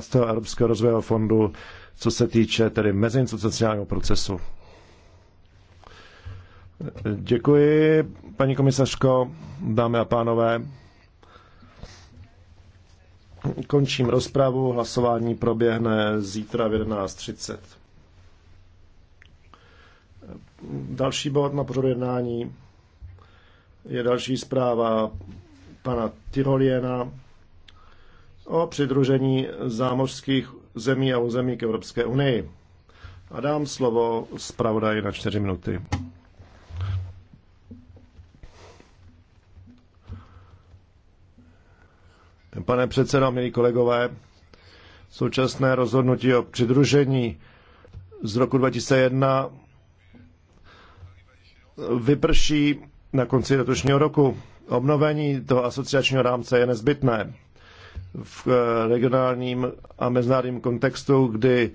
z toho Evropského rozvojového fondu, co se týče tedy meziinstitucionálního procesu. Děkuji, paní komisařko, dámy a pánové. Končím rozpravu, hlasování proběhne zítra v 11.30. Další bod na pořadu jednání je další zpráva pana Tyroliena o přidružení zámořských zemí a území k Evropské unii. A dám slovo zpravodaji na čtyři minuty. Pane předsedo, milí kolegové, současné rozhodnutí o přidružení z roku 2001 vyprší na konci letošního roku. Obnovení toho asociačního rámce je nezbytné v eh, regionálním a mezinárodním kontextu, kdy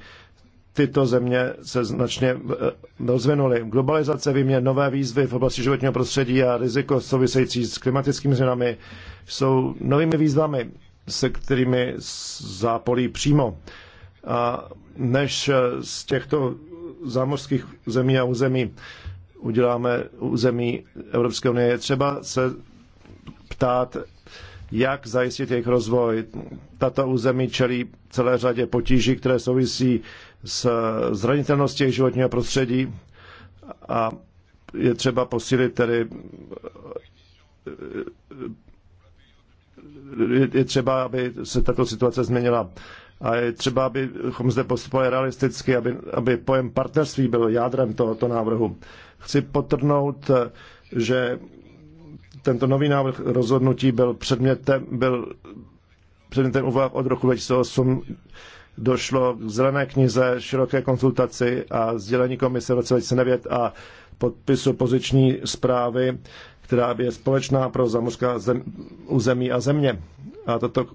tyto země se značně eh, rozvinuly. Globalizace vyměn, nové výzvy v oblasti životního prostředí a riziko související s klimatickými změnami jsou novými výzvami, se kterými zápolí přímo. A než eh, z těchto zámořských zemí a území uděláme území Evropské unie, je třeba se ptát, jak zajistit jejich rozvoj. Tato území čelí celé řadě potíží, které souvisí s zranitelností jejich životního prostředí a je třeba posílit tedy je třeba, aby se tato situace změnila. A je třeba, abychom zde postupovali realisticky, aby, aby pojem partnerství byl jádrem tohoto návrhu. Chci potrhnout, že tento nový návrh rozhodnutí byl předmětem, byl předmětem uvah od roku 2008. Došlo k zelené knize, široké konzultaci a sdělení komise v roce 2009 a podpisu poziční zprávy, která je společná pro zamořská zem, území a země. A tato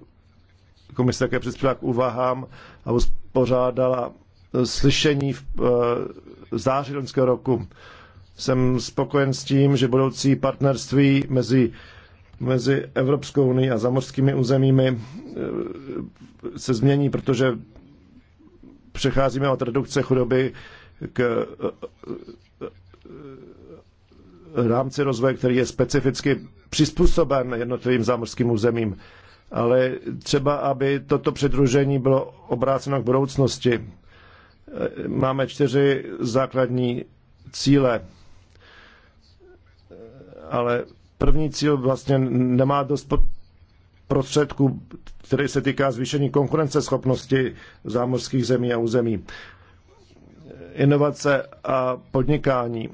komise také přispěla k úvahám a uspořádala slyšení v eh, září loňského roku jsem spokojen s tím, že budoucí partnerství mezi, mezi Evropskou unii a zámořskými územími eh, se změní, protože přecházíme od redukce chudoby k eh, eh, rámci rozvoje, který je specificky přizpůsoben jednotlivým zámořským územím. Ale třeba, aby toto předružení bylo obráceno k budoucnosti. Máme čtyři základní cíle ale první cíl vlastně nemá dost prostředků, který se týká zvýšení konkurenceschopnosti zámořských zemí a území. Inovace a podnikání,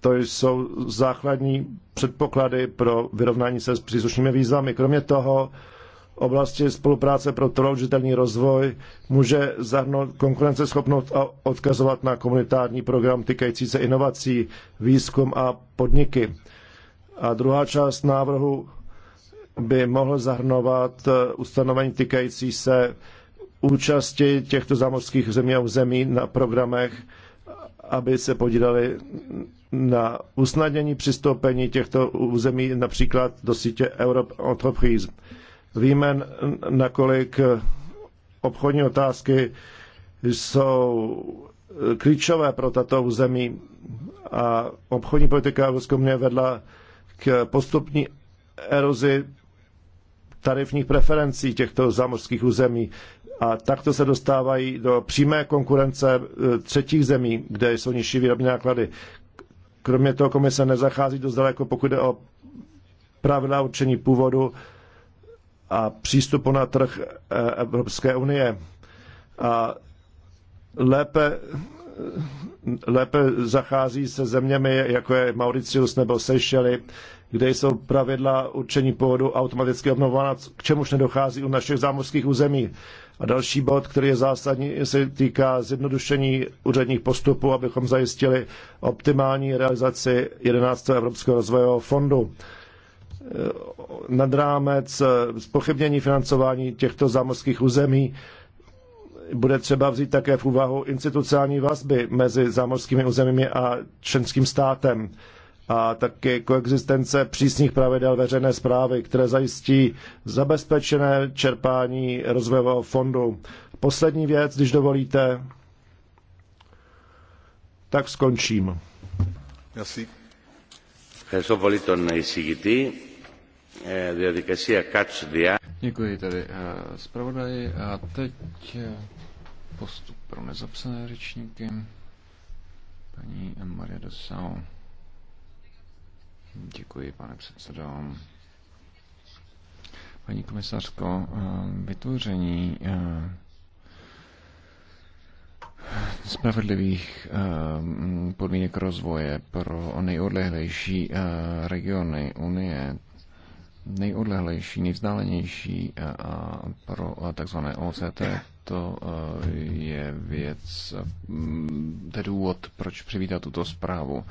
to jsou základní předpoklady pro vyrovnání se s příslušnými výzvami. Kromě toho, oblasti spolupráce pro trojžitelný rozvoj může zahrnout konkurenceschopnost a odkazovat na komunitární program týkající se inovací, výzkum a podniky. A druhá část návrhu by mohl zahrnovat eh, ustanovení týkající se účasti těchto zámořských zemí a zemí na programech, aby se podíleli na usnadnění přistoupení těchto území například do sítě Europe Entreprise. Víme, nakolik eh, obchodní otázky jsou eh, klíčové pro tato území a obchodní politika Evropské unie vedla k postupní erozi tarifních preferencí těchto zámořských území. A takto se dostávají do přímé konkurence e, třetích zemí, kde jsou nižší výrobní náklady. Kromě toho komise nezachází dost daleko, pokud jde o pravidla určení původu a přístupu na trh e, Evropské unie. A lépe lépe zachází se zeměmi, jako je Mauricius nebo Seychely, kde jsou pravidla určení původu automaticky obnovována, k čemuž nedochází u našich zámořských území. A další bod, který je zásadní, se týká zjednodušení úředních postupů, abychom zajistili optimální realizaci 11. Evropského rozvojového fondu nad rámec zpochybnění financování těchto zámořských území bude třeba vzít také v úvahu institucionální vazby mezi zámořskými územími a členským státem a také koexistence přísných pravidel veřejné zprávy, které zajistí zabezpečené čerpání rozvojového fondu. Poslední věc, když dovolíte, tak skončím. Merci. Ευχαριστώ πολύ τον εισηγητή. Eh, Děkuji tady eh, zpravodaji a teď eh, postup pro nezapsané řečníky. Paní Maria Dosau. Děkuji, pane předsedo. Paní komisařko, vytvoření spravedlivých podmínek rozvoje pro nejodlehlejší regiony Unie, nejodlehlejší, nejvzdálenější a pro takzvané OCT e, mm, to je věc, to důvod, proč přivítat tuto zprávu.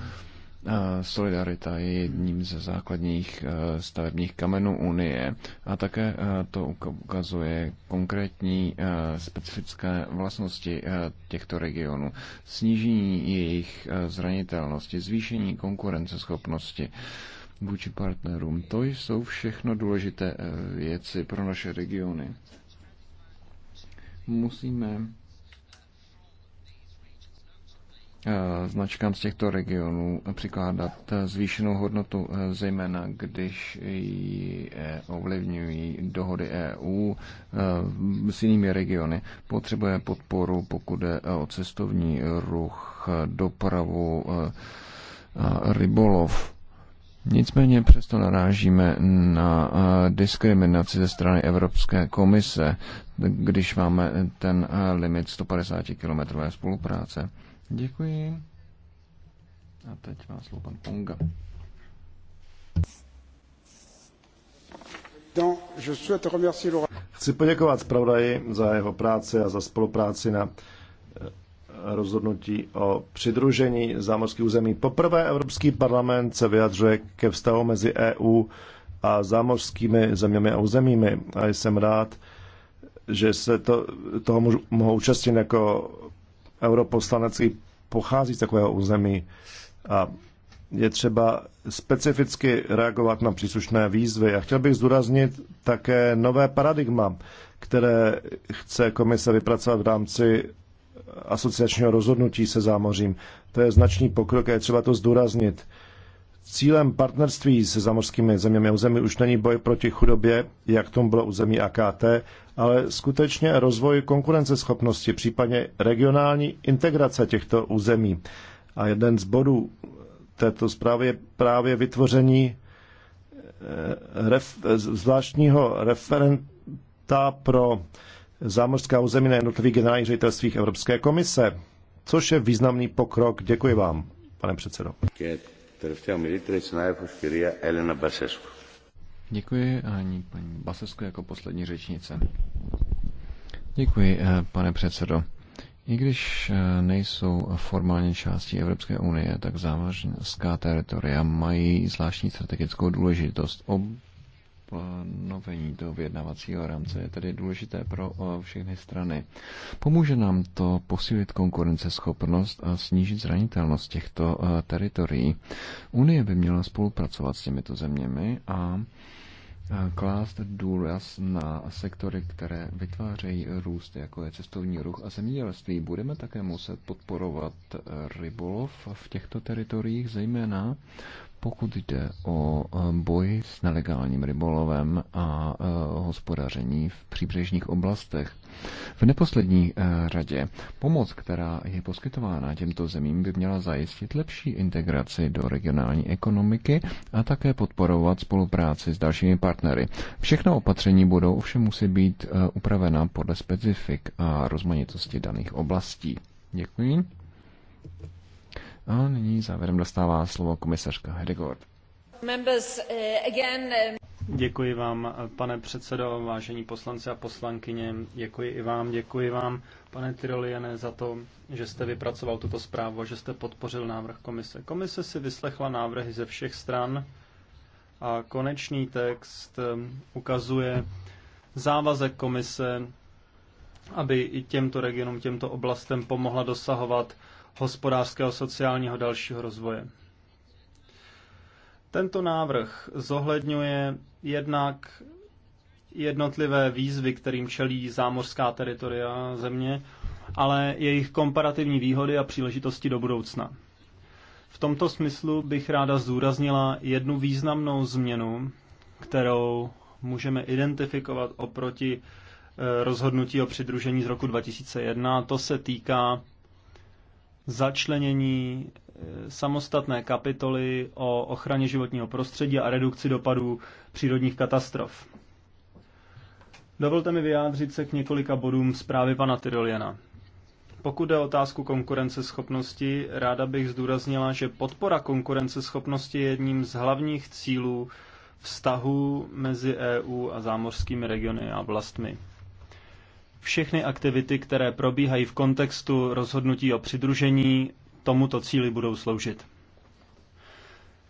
E, solidarita je jedním ze základních e, stavebních kamenů Unie a také to ukazuje konkrétní specifické vlastnosti těchto regionů. Snížení jejich zranitelnosti, zvýšení konkurenceschopnosti, vůči partnerům. To jsou všechno důležité eh, věci pro naše regiony. Musíme eh, značkám z těchto regionů přikládat eh, zvýšenou hodnotu, zejména když ovlivňují dohody EU s jinými regiony. Potřebuje podporu, pokud je o cestovní ruch, dopravu, rybolov. Nicméně přesto narážíme na eh, diskriminaci ze strany Evropské komise, když máme ten eh, limit 150 km spolupráce. Děkuji. A teď má slovo pan Ponga. Chci poděkovat zpravodaji za jeho práci a za spolupráci na rozhodnutí o přidružení zámořských území. Poprvé Evropský parlament se vyjadřuje ke vztahu mezi EU a zámořskými zeměmi a územími. A jsem rád, že se to, toho můžu, mohou účastnit jako europoslanec i pochází z takového území. A je třeba specificky reagovat na příslušné výzvy. A chtěl bych zdůraznit také nové paradigma, které chce komise vypracovat v rámci asociačního rozhodnutí se zámořím. To je značný pokrok a je třeba to zdůraznit. Cílem partnerství se zamorskými zeměmi a území už není boj proti chudobě, jak tomu bylo u zemí AKT, ale skutečně rozvoj konkurenceschopnosti, případně regionální integrace těchto území. A jeden z bodů této zprávy je právě vytvoření eh, ref, eh, zvláštního referenta pro zámořská území na jednotlivých generálních ředitelstvích Evropské komise, což je významný pokrok. Děkuji vám, pane předsedo. Děkuji a ani paní Basesku jako poslední řečnice. Děkuji, eh, pane předsedo. I když eh, nejsou formálně částí Evropské unie, tak závažská teritoria mají zvláštní strategickou důležitost. Ob stanovení toho vyjednavacího rámce je tedy důležité pro všechny strany. Pomůže nám to posílit konkurenceschopnost a snížit zranitelnost těchto teritorií. Unie by měla spolupracovat s těmito zeměmi a klást důraz na sektory, které vytvářejí růst, jako je cestovní ruch a zemědělství. Budeme také muset podporovat rybolov v těchto teritoriích, zejména pokud jde o e, boj s nelegálním rybolovem a e, hospodaření v příbřežních oblastech. V neposlední eh, řadě pomoc, která je poskytována těmto zemím, by měla zajistit lepší integraci do regionální ekonomiky a také podporovat spolupráci s dalšími partnery. Všechna opatření budou ovšem musí být eh, upravena podle specifik a rozmanitosti daných oblastí. Děkuji. A nyní závěrem dostává slovo komisařka Hedegord. Eh, Děkuji vám, pane předsedo, vážení poslanci a poslankyně. Děkuji i vám, děkuji vám, pane Tyroliene, za to, že jste vypracoval tuto zprávu a že jste podpořil návrh komise. Komise si vyslechla návrhy ze všech stran a konečný text um, ukazuje závazek komise, aby i těmto regionům, těmto oblastem pomohla dosahovat hospodářského, sociálního dalšího rozvoje. Tento návrh zohledňuje jednak jednotlivé výzvy, kterým čelí zámořská teritoria země, ale jejich komparativní výhody a příležitosti do budoucna. V tomto smyslu bych ráda zdůraznila jednu významnou změnu, kterou můžeme identifikovat oproti eh, rozhodnutí o přidružení z roku 2001. To se týká začlenění samostatné kapitoly o ochraně životního prostředí a redukci dopadů přírodních katastrof. Dovolte mi vyjádřit se k několika bodům zprávy pana Tyroliana. Pokud jde o otázku konkurenceschopnosti, ráda bych zdůraznila, že podpora konkurenceschopnosti je jedním z hlavních cílů vztahu mezi EU a zámořskými regiony a vlastmi. Všechny aktivity, které probíhají v kontextu rozhodnutí o přidružení, tomuto cíli budou sloužit.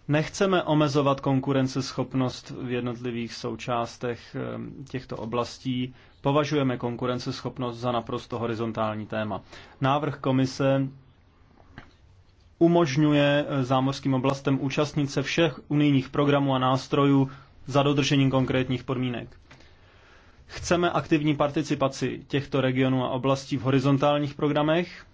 Nechceme omezovat konkurenceschopnost v jednotlivých součástech eh, těchto oblastí. Považujeme konkurenceschopnost za naprosto horizontální téma. Návrh komise umožňuje eh, zámořským oblastem účastnit se všech unijních programů a nástrojů za dodržením konkrétních podmínek. Chceme aktivní participaci těchto regionů a oblastí v horizontálních programech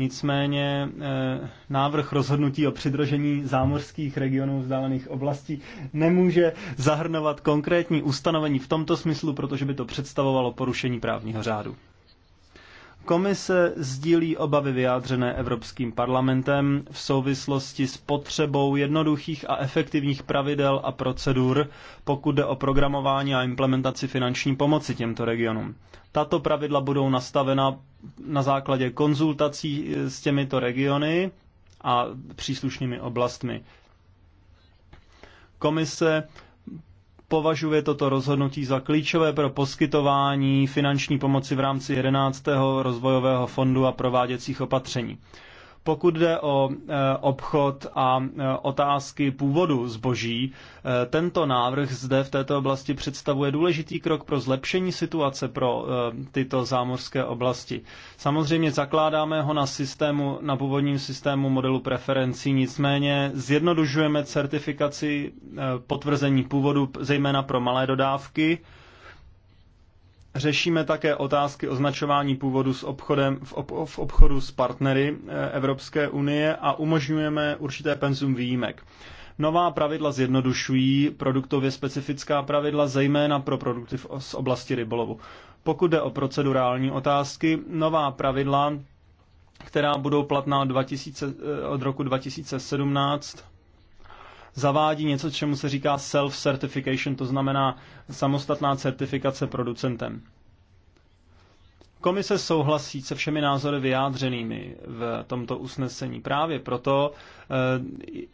Nicméně eh, návrh rozhodnutí o přidrožení zámořských regionů vzdálených oblastí nemůže zahrnovat konkrétní ustanovení v tomto smyslu, protože by to představovalo porušení právního řádu. Komise sdílí obavy vyjádřené Evropským parlamentem v souvislosti s potřebou jednoduchých a efektivních pravidel a procedur, pokud jde o programování a implementaci finanční pomoci těmto regionům. Tato pravidla budou nastavena na základě konzultací eh, s těmito regiony a příslušnými oblastmi. Komise považuje toto rozhodnutí za klíčové pro poskytování finanční pomoci v rámci 11. rozvojového fondu a prováděcích opatření. Pokud jde o eh, obchod a eh, otázky původu zboží, eh, tento návrh zde v této oblasti představuje důležitý krok pro zlepšení situace pro tyto zámořské oblasti. Samozřejmě zakládáme ho na, systému, na původním systému modelu preferencí, nicméně zjednodušujeme certifikaci potvrzení původu, zejména pro malé dodávky, Řešíme také otázky označování původu s obchodem, v, ob, v obchodu s partnery eh, Evropské unie a umožňujeme určité penzum výjimek. Nová pravidla zjednodušují produktově specifická pravidla, zejména pro produkty z oblasti rybolovu. Pokud jde o procedurální otázky, nová pravidla, která budou platná 2000, eh, od roku 2017, zavádí něco, čemu se říká self-certification, to znamená samostatná certifikace producentem. Komise souhlasí se všemi názory vyjádřenými v tomto usnesení. Právě proto eh,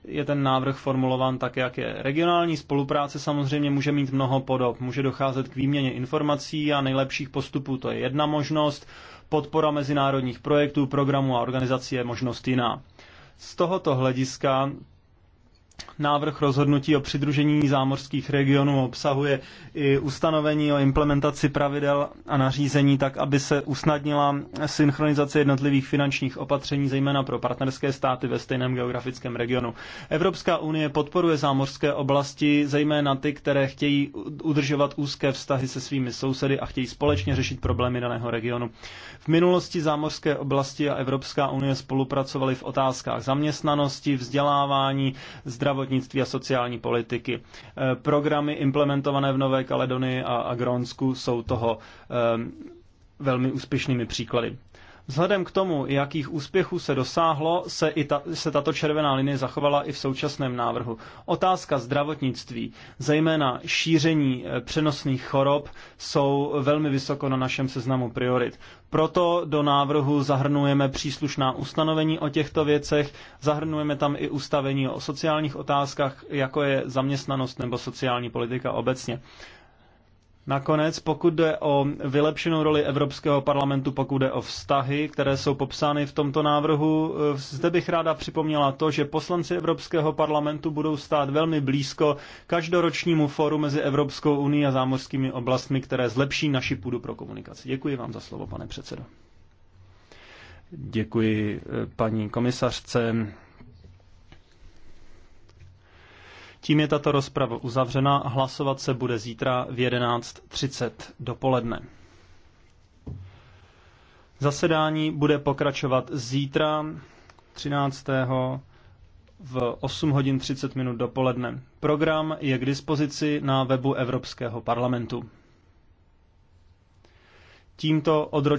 je ten návrh formulován tak, jak je. Regionální spolupráce samozřejmě může mít mnoho podob. Může docházet k výměně informací a nejlepších postupů, to je jedna možnost. Podpora mezinárodních projektů, programů a organizací je možnost jiná. Z tohoto hlediska Návrh rozhodnutí o přidružení zámořských regionů obsahuje i ustanovení o implementaci pravidel a nařízení tak, aby se usnadnila synchronizace jednotlivých finančních opatření, zejména pro partnerské státy ve stejném geografickém regionu. Evropská unie podporuje zámořské oblasti, zejména ty, které chtějí udržovat úzké vztahy se svými sousedy a chtějí společně řešit problémy daného regionu. V minulosti zámořské oblasti a Evropská unie spolupracovaly v otázkách zaměstnanosti, vzdělávání, zdravotnictví, zdravotnictví a sociální politiky. Eh, programy implementované v Nové Kaledonii a Agronsku jsou toho eh, velmi úspěšnými příklady. Vzhledem k tomu, jakých úspěchů se dosáhlo, se, i ta, se tato červená linie zachovala i v současném návrhu. Otázka zdravotnictví, zejména šíření eh, přenosných chorob, jsou velmi vysoko na našem seznamu priorit. Proto do návrhu zahrnujeme příslušná ustanovení o těchto věcech, zahrnujeme tam i ustavení o sociálních otázkách, jako je zaměstnanost nebo sociální politika obecně. Nakonec, pokud jde o vylepšenou roli Evropského parlamentu, pokud jde o vztahy, které jsou popsány v tomto návrhu, eh, zde bych ráda připomněla to, že poslanci Evropského parlamentu budou stát velmi blízko každoročnímu fóru mezi Evropskou unii a zámořskými oblastmi, které zlepší naši půdu pro komunikaci. Děkuji vám za slovo, pane předsedo. Děkuji eh, paní komisařce. Tím je tato rozprava uzavřena. Hlasovat se bude zítra v 11.30 dopoledne. Zasedání bude pokračovat zítra 13. v 8 hodin 30 minut dopoledne. Program je k dispozici na webu Evropského parlamentu. Tímto odročení